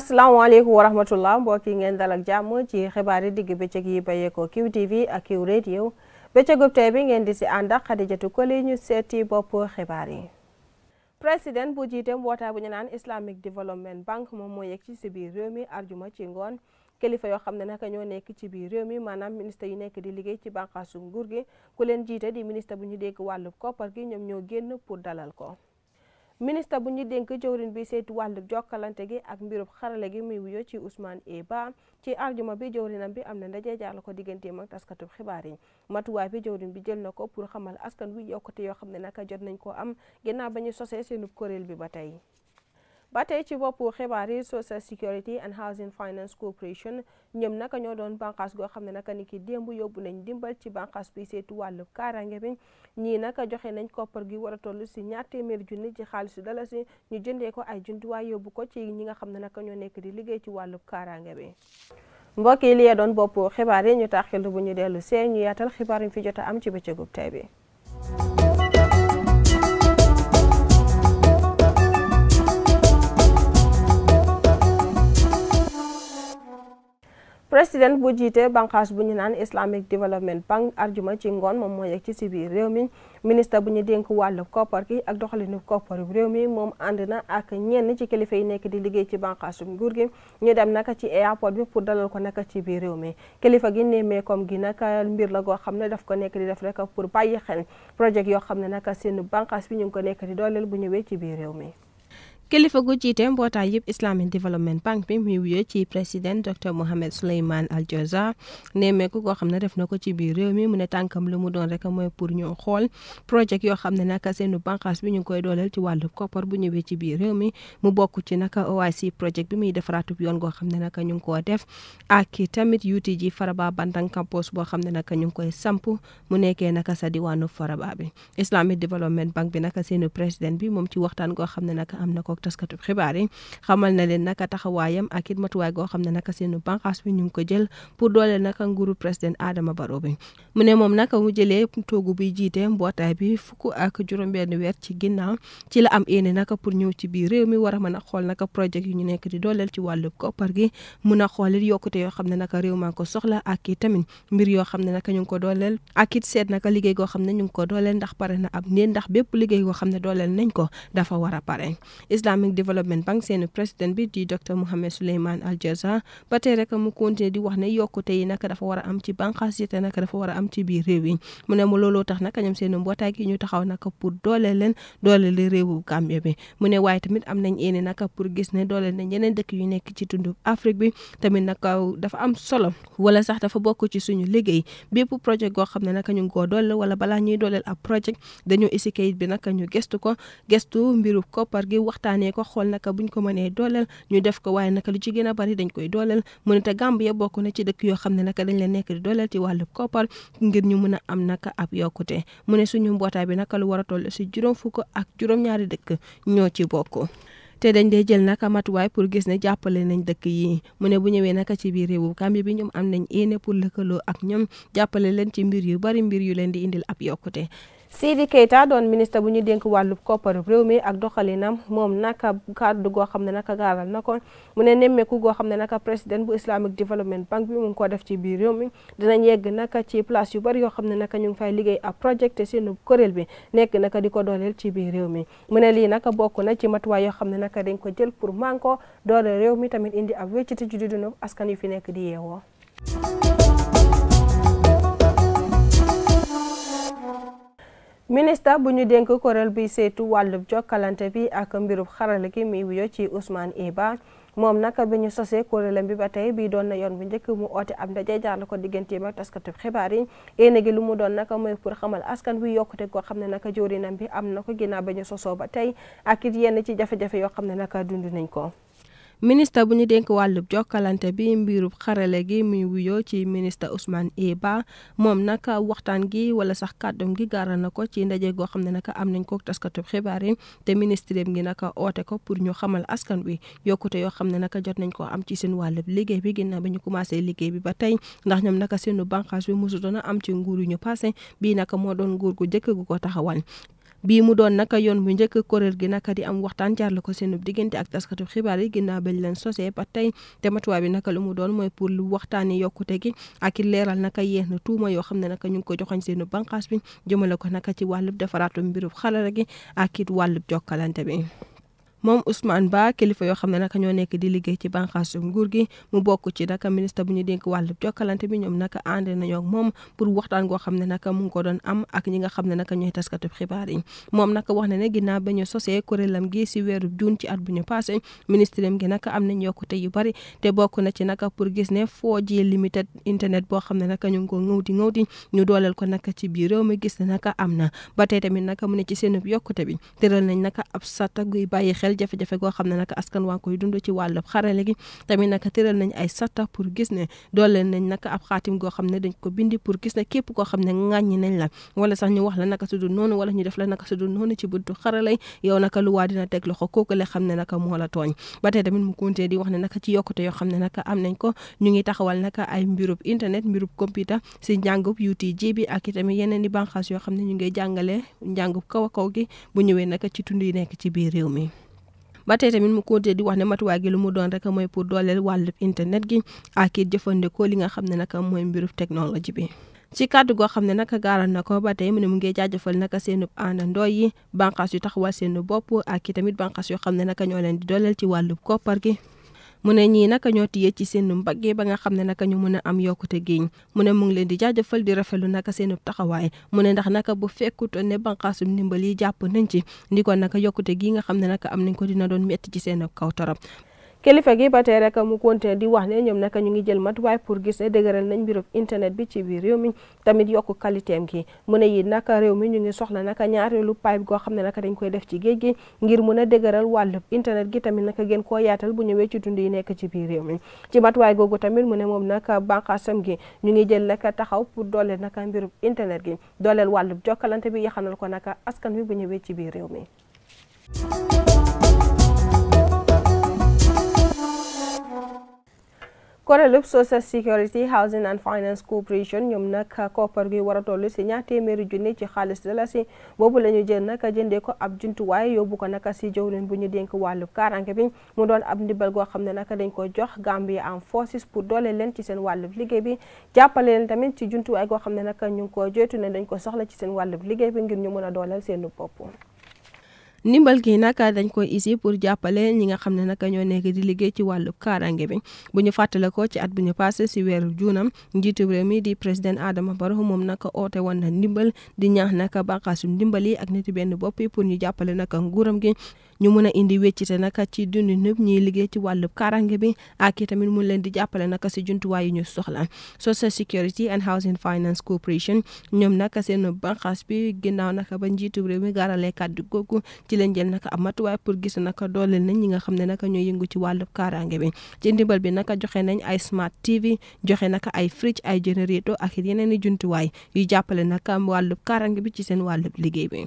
asalaamaaleykum wa rahmatullah mbokk yi ngeen dal ak jàmm ci xibaar yi digg bëccëg yi bayeekoo QTV ak Q radio bëccëgub tey bi ngeen di si ànd ak Xadijatu Koli ñu seeti bopp xibaar yi. président bu jiite mbootaay bu ñu naan Islamic Development Bank moom moo ci si biir réew mi arjuma ci ngoon kilifa yoo xam ne naka ñoo nekk ci biir réew mi maanaam ministre yu nekk di liggéey ci bànqaasu nguur gi ku leen jiite di ministre bu ñu dégg wàllu koppar gi ñoom ñoo génn pour dalal ko. ministre bu ñu dénk jëwrin bi saytu wàllu jokkalante gi ak mbirub xarale gi muy wuyoo ci Ousmane Eba ci arjuma bi jëwrinam bi am na ndaje jaarla ko digganteem ak taskatu xibaar yi matuwaay bi jëwrin bi jël na ko pour xamal askan wi yokkute yoo xam ne naka jot nañ koo am ginnaaw ba ñu sosee seenub kuréel bi ba tey ba tey ci bopp xibaar yi Social Security and Housing Finance Corporation ñoom naka ñoo doon bànqaas goo xam ne naka ni ki démb yóbbu nañ dimbal ci bànqaas bi tu wàllu kaaraange bi ñii naka joxe nañ koppar gi war a toll si ñaar téeméer junni ci xaalisu dalasi ñu jëndee ko ay jumtuwaay yóbbu ko ci ñi nga xam ne naka ñoo nekk di liggéey ci wàllu kaaraange bi mbokk yi li doon bopp xibaar yi ñu taxil bu ñu dellu see ñu yaatal xibaar fi jot am ci bëccëgub tey bi président bu jiite banqaas bu ñu naan Islamic Development Bank arjuma ci ngoon moom moo yegg ci si biir réew mi ministre bu ñu dénk wàllu koppar gi ak doxalinu koppar réew mi moom ànd na ak ñenn ci kilifa yi nekk di liggéey ci banqaasum nguur gi ñu dem naka ci airport bi pour dalal ko naka ci biir réew mi kilifa gi néemee comme gi naka mbir la goo xam ne daf ko nekk di def rek pour bàyyi xel projet yoo xam ne naka seen banqaas bi ñu ngi ko nekk di dooleel bu ñëwee ci biir réew mi kilifa gu jiite mbootaay yëpp Islamic Development Bank bi muy wuyoo ci président docteur Mohamed Souleymane Al Joza nemmeeku koo xam ne def na ko ci biir réew mi mu ne tànkam lu mu doon rek mooy pour ñu xool projet yoo xam ne naka seenu bànqaas bi ñu ngi koy dooleel ci wàllu koppar bu ñëwee ci biir réew mi mu bokk ci naka OIC projet bi muy defaraatub yoon goo xam ne naka ñu ngi koo def ak tamit fara Faraba Bantang campus boo xam ne naka ñu ngi koy samp mu nekkee naka sa diwaanu Faraba bi Islamic Development Bank bi naka seenu président bi moom ci waxtaan goo xam ne naka am na ko jokkook taskatu xibaar yi xamal na leen naka taxawaayam ak it matuwaay goo xam ne naka seenu banqaas bi ñu ngi ko jël pour dooleel naka nguuru président Adama Barrow bi mu ne moom naka mu jëlee toogu bi jiite mbootaay bi fukk ak juróom-benn weer ci ginnaaw ci la am yéene naka pour ñëw ci biir réew mi war a mën a xool naka projet yu ñu nekk di dooleel ci wàllub koppar gi mun a xoolit yokkute yoo xam ne naka réew maa ko soxla ak i tamit mbir yoo xam ne naka ñu ngi ko dooleel ak it seet naka liggéey goo xam ne ñu ngi ko dooleel ndax pare na ab neen ndax bépp liggéey goo xam ne dooleel nañ ko dafa war a pare Islamic Development Bank seen président bi di docteur Mohamed Souleymane Al Jaza ba mu continué di wax ne yokkute naka dafa war am ci bànqaas yi mu ne mu looloo tax naka ñoom seen mbootaay gi ñu taxaw naka pour doole leen le réewu Gambie bi mu ne waaye tamit am nañ yéene naka pour gis ne doole nañ yeneen dëkk yu nekk ci tundu Afrique bi tamit naka dafa am solo wala sax dafa bokk ci suñu liggéey bépp projet goo xam ne naka ñu ngi koo doole wala balaa ñuy dooleel ab projet dañoo isi bi naka ñu ko gestu mbiru waxtaanee ko xool naka buñ ko mënee dooleel ñu def ko waaye naka lu ci gën a bari dañ koy dooleel mu ne te Gambia bokk na ci dëkk yoo xam ne naka dañ leen nekk di dooleel ci wàllu kopal ngir ñu mën a am naka ab yokkute mu ne suñu mbootaay bi naka lu war a si juróom fukk ak juróom-ñaari dëkk ñoo ci bokk te dañ dee jël naka matuwaay pour gis ne jàppale nañ dëkk yi mu ne bu ñëwee naka ci biir réewu Gambie bi ñoom am nañ yéene pour lëkkaloo ak ñoom jàppale leen ci mbir yu bari mbir yu leen di indil ab yokkute Sidi Keita doon ministre bu ñu dénk wàllu kopparu réew mi ak doxalinam moom naka kàddu goo xam ne na naka gaaral na ko mu ne nemmeeku goo xam ne naka président bu Islamic Development Bank bi mu ko def ci biir réew mi dinañ yegg naka ci place yu bari yoo xam ne naka ñu ngi fay liggéey a projet te seenu kuréel bi nekk naka di ko dooleel ci biir réew mi mu ne lii naka bokk na ci matuwaay yoo xam ne naka dañ ko jël pour man ko doole réew mi tamit indi ab wéccite ci dundu askan yu fi nekk di yeewoo ministre bu ñu dénk kuréel bi saytu wàllub jokkalante bi ak mbirub xarala gi muy wuyo ci Ousmane Iba moom nag bi ñu sosee kuréelam bi ba tey bii doon na yoon bu njëkk mu oote ab ndaje jaar la ko digganteem ak taskatu xibaar yi yéen gi lu mu doon nag mooy pour xamal askan wi yokkute koo xam ne naka jëwriñam bi am na ko ginnaaw ba ñu sosoo ba tey ak it yenn ci jafe-jafe yoo xam ne nag dund nañ ko. ministre bu ñu dénk wàllub jokkalante bi mbirub xarale gi mi wuyoo ci ministre Ousmane Eba moom nag waxtaan gi wala sax kàddum gi gaaral na ko ci ndaje goo xam ne nag am nañ ko taskatu xibaar yi te ministre bi nag oote ko pour ñu xamal askan wi yokkute yoo xam ne nag jot nañ ko am ci seen wàllub liggéey bi ginnaaw bi ñu commencé liggéey bi ba tey ndax ñoom nag seenu bànqaas bi mosu doon am ci nguur yu ñu passé bii nag moo doon nguur gu jëkk gu ko taxawal bii mu doon naka yoon bu njëkk kuréel gi naka di am waxtaan jaarle ko seenub diggante ak taskatu xibaar yi ginnaaw bañ leen sosee ba tey te matuwaay bi naka lu mu doon mooy pour lu waxtaane yokkute gi ak it leeral naka yenn tuuma yoo xam ne naka ñu ngi ko joxoñ seenu banqaas bi jëmale ko naka ci wàllub defaraatu mbirub xarala gi ak it wàllub jokkalante bi moom Ousmane baa kilifa yoo xam ne naka ñoo nekk di liggéey ci bànqaasu nguur gi mu bokk ci naka ministre bu ñu dénk wàllu jokkalante bi ñoom naka ànd nañoo ak moom pour waxtaan goo xam ne naka mu ngi ko doon am ak ñi nga xam ne naka ñooy taskatu xibaar yi moom naka wax na ne ginnaaw ba ñu sosee kuréelam gi si juun ci at bu ñu passé ministre gi naka am nañ yokkute yu bari te bokku na ci naka pour gis ne 4G limited internet boo xam ne naka ñu ngi ko ŋawti ŋawti ñu dooleel ko naka ci biir réew mi gis ne naka am na ba tey tamit naka mu ne ci seen yokkute bi tëral nañ naka ab sata guy bàyyi xel jafe-jafe goo xam ne nag askan waa ngi koy dund ci wàllub xarale gi tamit nag tëral nañ ay sata pour gis ne dooleel nañ nag ab xaatim goo xam ne dañ ko bindi pour gis ne képp koo xam ne ŋàññi nañ la wala sax ñu wax la naka sudul noonu wala ñu def la naka sudul noonu ci buntu xarale yow naka lu waa dina teg loxo kooku la xam ne naka moo la tooñ ba tey tamit mu kontee di wax ne naka ci yokkute yoo xam ne naka am nañ ko ñu ngi taxawal naka ay mbirub internet mbirub computer si njàngub UTG bi ak itamit yeneen i bànqaas yoo xam ne ñu ngay jàngale njàngub kaw a kaw gi bu ñëwee naka ci tund yi nekk ci biir réew mi ba tey tamit mu continué di wax ne matuwaay gi lu mu doon rek mooy pour dooleel wàllub internet gi ak it jëfandikoo li nga xam ne nag mooy mbirub technologie bi. ci kàddu goo xam ne nag gaaral na ko ba tey mu ne mu ngi jaajëfal naka seen àndandoo yi bànqaas yu taxawal seen bopp ak i tamit bànqaas yoo xam ne naka ñoo leen di dooleel ci wàllub koppar gi. mu ne ñii naka ñoo tiyee ci seen mbaggee ba nga xam ne naka ñu mën a am yokkute géeñ mu ne mu ngi leen di jaajëfal di rafetlu naka seen taxawaay mu ne ndax naka bu fekkut ne banqaasum ndimbal yi jàpp nañ ci ndi kon naka yokkute gii nga xam ne naka am nañ ko dina doon metti ci seen kaw torop kilifa gi ba tey rek mu konte di wax ne ñoom naka ñu ngi jël matuwaay pour gis ne dëgëral nañ mbirub internet bi ci biir réew mi tamit yokku qualité am gi mu ne yit nag réew mi ñu ngi soxla nag ñaareelu pipe goo xam ne nag dañ koy def ci géej gi ngir mun a dëgëral wàllub internet gi tamit nag gën koo yaatal bu ñëwee ci dund yi nekk ci biir réew mi ci matuwaay googu tamit mu ne moom nag bànqaasam gi ñu ngi jël nag taxaw pour dooleel nag mbirub internet gi dooleel wàllub jokkalante bi yaxanal ko nag askan wi bu ñëwee ci biir réew mi kuréelub social security housing and finance corporation ñoom nag koppar gi war a toll si ñaar téeméeri junni ci xaalis dalasi boobu la ñu jël nag jëndee ko ab jumtuwaay yóbbu ko nag si jëwriñ bu ñu dénk wàllu kaaraange bi mu doon ab ndimbal goo xam ne nag dañ ko jox gambi Armed Forces pour doole leen ci seen wàllub liggéey bi jàppale leen tamit ci jumtuwaay goo xam ne nag ñu ngi ko joytu ne dañ ko soxla ci seen wàllub liggéey bi ngir ñu mën a dooleel seen bopp ndimbal gi nag dañ koy isi pour jàppale ñi nga xam ne nag ñoo nekk di liggéey ci wàllu kaarange bi bu ñu fàttale ko ci at bu ñu passé si weeru juunam njiitu réew di président Adama Barrow moom nag oote woon na ndimbal di ñaax nag bànqaasu ndimbal yi ak nitu benn bopp yi pour ñu jàppale nag nguuram gi ñu mun a indi wéccite nag ci dundu nëpp ñuy liggéey ci wàllu kaarange bi ak itamit mun leen di jàppale nag si jumtuwaay yu ñu soxla Social Security and Housing Finance Corporation ñoom nag seen bànqaas bi ginnaaw nag ba njiitu réew mi kàddu googu ci lañ jël naka ab matuwaay pour gis naka dooleel nañ ñi nga xam ne naka ñooy yëngu ci wàllu kaaraange bi ci ndimbal bi naka joxe nañ ay smart TV joxe naka ay fridge ay générateur ak yeneen i jumtuwaay yu jàppale naka wàllu kaaraange bi ci seen wàllu liggéey bi.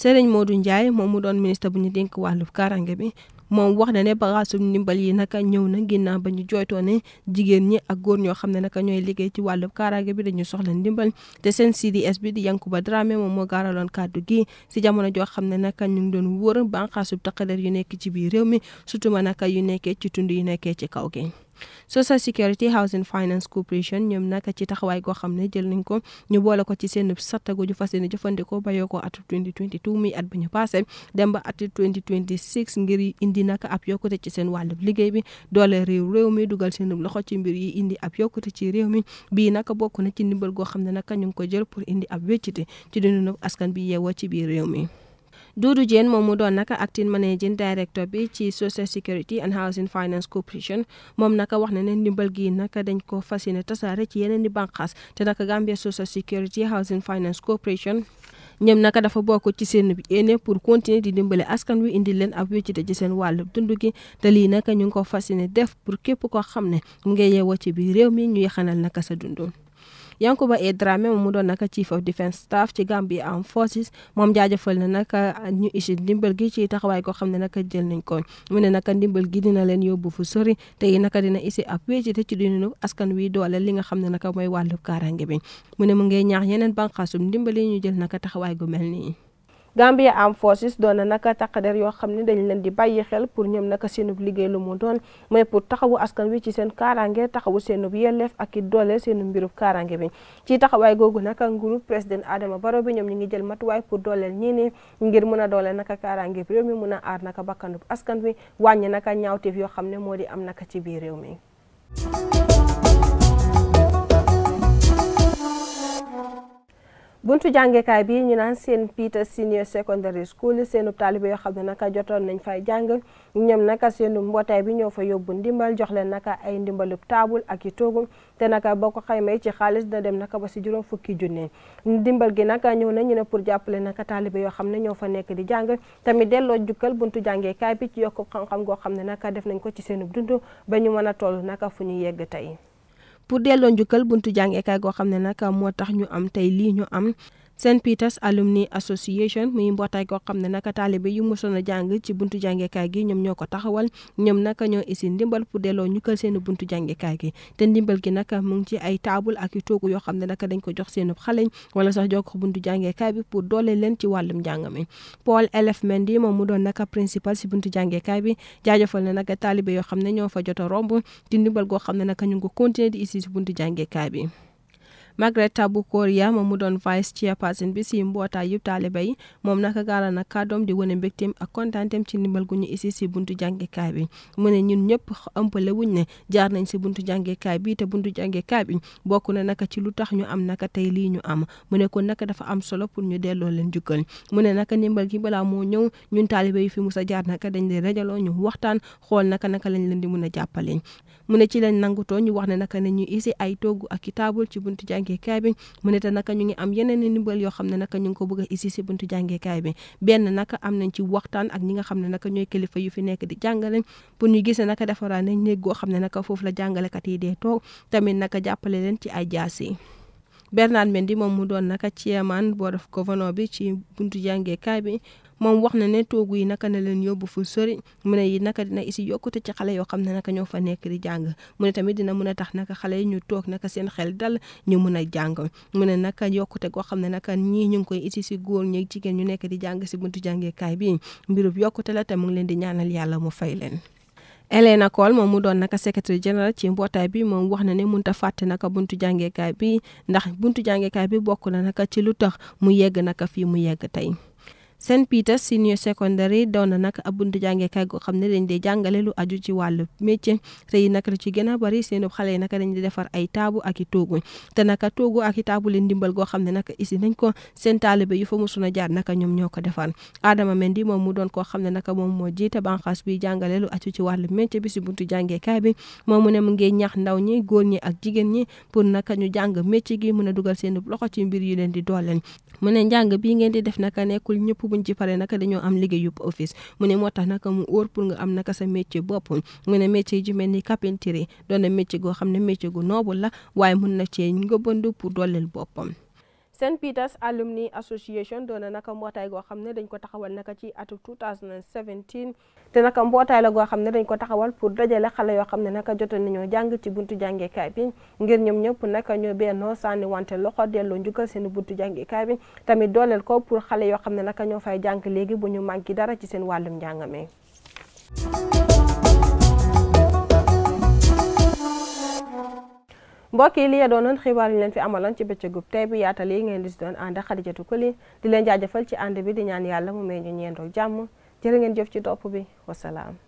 Serigne Modou Ndiaye moom mu doon ministre bu ñu dénk wàllu kaaraange bi moom wax na ne bagaasu ndimbal yi naka ñëw na ginnaaw ba ñu jooytoo ne jigéen ñi ak góor ñoo xam ne naka ñooy liggéey ci wàllu kaaraange bi dañu soxla ndimbal te seen CDS bi di Yankuba Dramé mo moo gaaraloon kàddu gi si jamono joo xam ne naka ñu ngi doon wóor banqaasub taqadeer yu nekk ci biir réew mi surtout ma naka yu nekkee ci tund yu nekkee ci kaw gi Social Security Housing Finance Corporation ñoom naka ci taxawaay goo xam ne jël nañ ko ñu boole ko ci seen sattagu ju fas yéene jëfandikoo bayoo ko atu 2022 muy at bu ñu passé dem ba atu 2026 ngir indi naka ab yokkute ci seen wàllub liggéey bi doole réew réew mi dugal seen loxo ci mbir yi indi ab yokkute ci réew mi bii naka bokk na ci ndimbal goo xam ne naka ñu ngi ko jël pour indi ab wéccite ci dundinu askan bi yeewoo ci biir réew mi Doudou jeen moom mu doon naka acting managing director bi ci Social Security and Housing Finance Corporation moom naka wax na ne ndimbal gi naka dañ ko fas yéene tasaare ci yeneen di bànqaas te naka Gambia Social Security Housing Finance Corporation ñoom naka dafa bokk ci seen yéene pour continuer di dimbale askan wi indi leen ab wéccite ci seen wàllu dundu gi te lii naka ñu ngi ko fas yéene def pour képp koo xam ne mu ngi yeewoo ci biir réew mi ñuy xanal naka sa dund. Yankuba ba Dramé moom mu doon naka chief of defence staff ci Gambia Armed Forces moom jaajëfal na naka ñu isi dimbal gi ci taxawaay koo xam ne naka jël nañ ko mu ne naka ndimbal gii dina leen yóbbu fu sori te yi naka dina isi ab wéccite ci duninu askan wi doole li nga xam ne naka mooy wàllu kaarange bi mu ne mu ngay ñaax yeneen bànqaasum ndimbali ñu jël naka taxawaay gu mel nii Gambia Armed Forces doon naka taqader yoo xam ne dañ leen di bàyyi xel pour ñoom naka seenub liggéey lu mu doon mooy pour taxawu askan wi ci seen kaaraange taxawu seenub yelleef ak i doole seenu mbirub kaaraange bi ci taxawaay googu naka nguurub président Adama baro bi ñoom ñu ngi jël matuwaay pour dooleel ñii ni ngir mën a dooleel naka kaaraange bi réew mi mën a aar naka bakkanub askan wi wàññi naka ñaawteef yoo xam ne moo di am naka ci biir réew mi buntu jàngekaay bi ñu naan Saint Peter senior secondary school seenu taalibe yoo xam ne naka jotoon nañ fay jàng ñoom naka seenu mbootaay bi ñoo fa yóbbu ndimbal jox leen naka ay ndimbalub taabul ak yi toogu te naka boo ko xaymee ci xaalis da dem naka ba si juróom fukki junne dimbal gi naka ñëw na ñu ne pour jàppale naka taalibe yoo xam ne ñoo fa nekk di jàng tamit delloo jukkal buntu jàngekaay bi ci yokku xam-xam goo xam ne naka def nañ ko ci seenu dund ba ñu mën a toll naka fu ñu yegg tey pour delloo njukkal buntu jàngeekaay goo xam ne nag moo tax ñu am tey lii ñu am St Peters Alumni Association muy mbootaay koo xam ne naka taalibe yu mosoon a jàng ci buntu jàngekaay gi ñoom ñoo ko taxawal ñoom naka ñoo isi ndimbal pour delloo ñu kër seen buntu jàngekaay gi te ndimbal gi naka mu ngi ci ay taabul ak i toogu yoo xam ne naka dañ ko jox seen xaleñ wala sax jox ko buntu jàngekaay bi pour doole leen ci wàllum njàng mi Paul Elef Mendy moom mu doon naka principal si buntu jàngekaay bi jaajëfal na naka taalibe yoo xam ne ñoo fa jot a romb ci ndimbal goo xam ne naka ñu ngi ko continuer di isi si buntu jàngekaay bi Margaret Bukoria moom mu doon vice chairperson bi si mbootaay yëpp taaliba yi moom naka gaara na kàddoom di wane mbégteem a kontaanteem ci ndimbal gu ñu isi si buntu jàngekaay bi mu ne ñun ñëpp ëmpale ne jaar nañ si buntu jàngekaay bi te buntu jàngekaay bi bokk na naka ci lu tax ñu am naka tey lii ñu am mu ne kon dafa am solo pour ñu delloo leen jukkal mu ne naka ndimbal gi balaa moo ñëw ñun taaliba yi fi musa jaar naka dañ leen rajaloo ñu waxtaan xool naka naka lañ leen di mun a jàppale mu ne ci wax ne naka ñu isi ay toogu ak i ci buntu jàng jàngeekaay bi mu ne te naka ñu ngi am yeneen i ndimbal yoo xam ne naka ñu ngi ko bëgg a isi buntu jàngeekaay bi benn naka am nañ ci waxtaan ak ñi xam ne naka ñooy kilifa yu fi nekk di jàngale pour ñu gisee naka defaraa ne néeg goo xam ne naka foofu la jàngalekat yi dee to tamit naka jàppale leen ci ay jaas yi Bernard di moom mu doon naka chairman board of governor bi ci buntu jàngeekaay bi moom wax na ne toogu yi naka na leen yóbbu fu sori mu ne yi naka dina isi yokkute ci xale yoo xam ne naka ñoo fa nekk di jàng mu ne tamit dina mën a tax naka xale yi ñu toog naka seen xel dal ñu mën a jàng mu ne naka yokkute goo xam ne naka ñii ñu ngi koy isi si góor ñi jigéen ñu nekk di jàng si buntu jàngeekaay bi mbirub yokkute la te mu ngi leen di ñaanal yàlla mu fay leen Elena Cole moom mu doon naka secrétaire général ci mbootaay bi moom wax na ne mënut a fàtte naka buntu jàngeekaay bi ndax buntu jàngeekaay bi bokk na naka ci lu tax mu yegg naka fii mu yegg tey Saint Peter senior secondary doon na nag ab buntu jàngeekaay goo xam ne dañ dee jàngale lu aju ci wàllu métier te yi nag lu ci gën a bari seen xale yi nag dañ di defar ay taabu ak i toogu te nag toogu ak i leen ndimbal goo xam ne nag isi nañ ko seen taalibe yu fa musu na jaar naka ñoom ñoo ko defar Adama Mendy moom mu doon koo xam ne nag moom moo jiite banqas bi jàngale lu aju ci wàllu métier bi si buntu jàngeekaay bi moom mu ne mu ngee ñax ndaw ñi góor ñi ak jigéen ñi pour naka ñu jàng métier gi mën a dugal seen loxo ci mbir yu leen di dooleel mu ne njàng bii ngeen di def naka nekkul ñëpp buñ ci pare naka dañoo am liggéeyu office mu ne moo tax naka mu óor pour nga am naka sa métier bopp mu ne métier ji mel ni carpentier do na métier goo xam ne métier gu noobu la waaye mun na cee ngëbandu pour dooleel boppam St Peters Alumni Association doon na naka mbootaay goo xam ne dañ ko taxawal naka ci atum 2017 te naka mbootaay la goo xam ne dañ ko taxawal pour dajale xale yoo xam ne naka jotoon nañoo jàng ci buntu jàngekaay bi ngir ñoom ñëpp naka ñoo bennoo sànni wante loxo delloo njukkal seen buntu jàngekaay bi tamit dooleel ko pour xale yoo xam ne naka ñoo fay jàng léegi bu ñu manqué dara ci seen wàllum njàngame. mbokk yi liye doonoon xibaar yi leen fi amaloon ci bëccëgub tey bi yaatal yi ngeen di si doon ànd Xadijatu Koli di leen jaajëfal ci ànd bi di ñaan yàlla mu may ñu ñeendoog jàmm jërë ngeen jëf ci topp bi wasalaam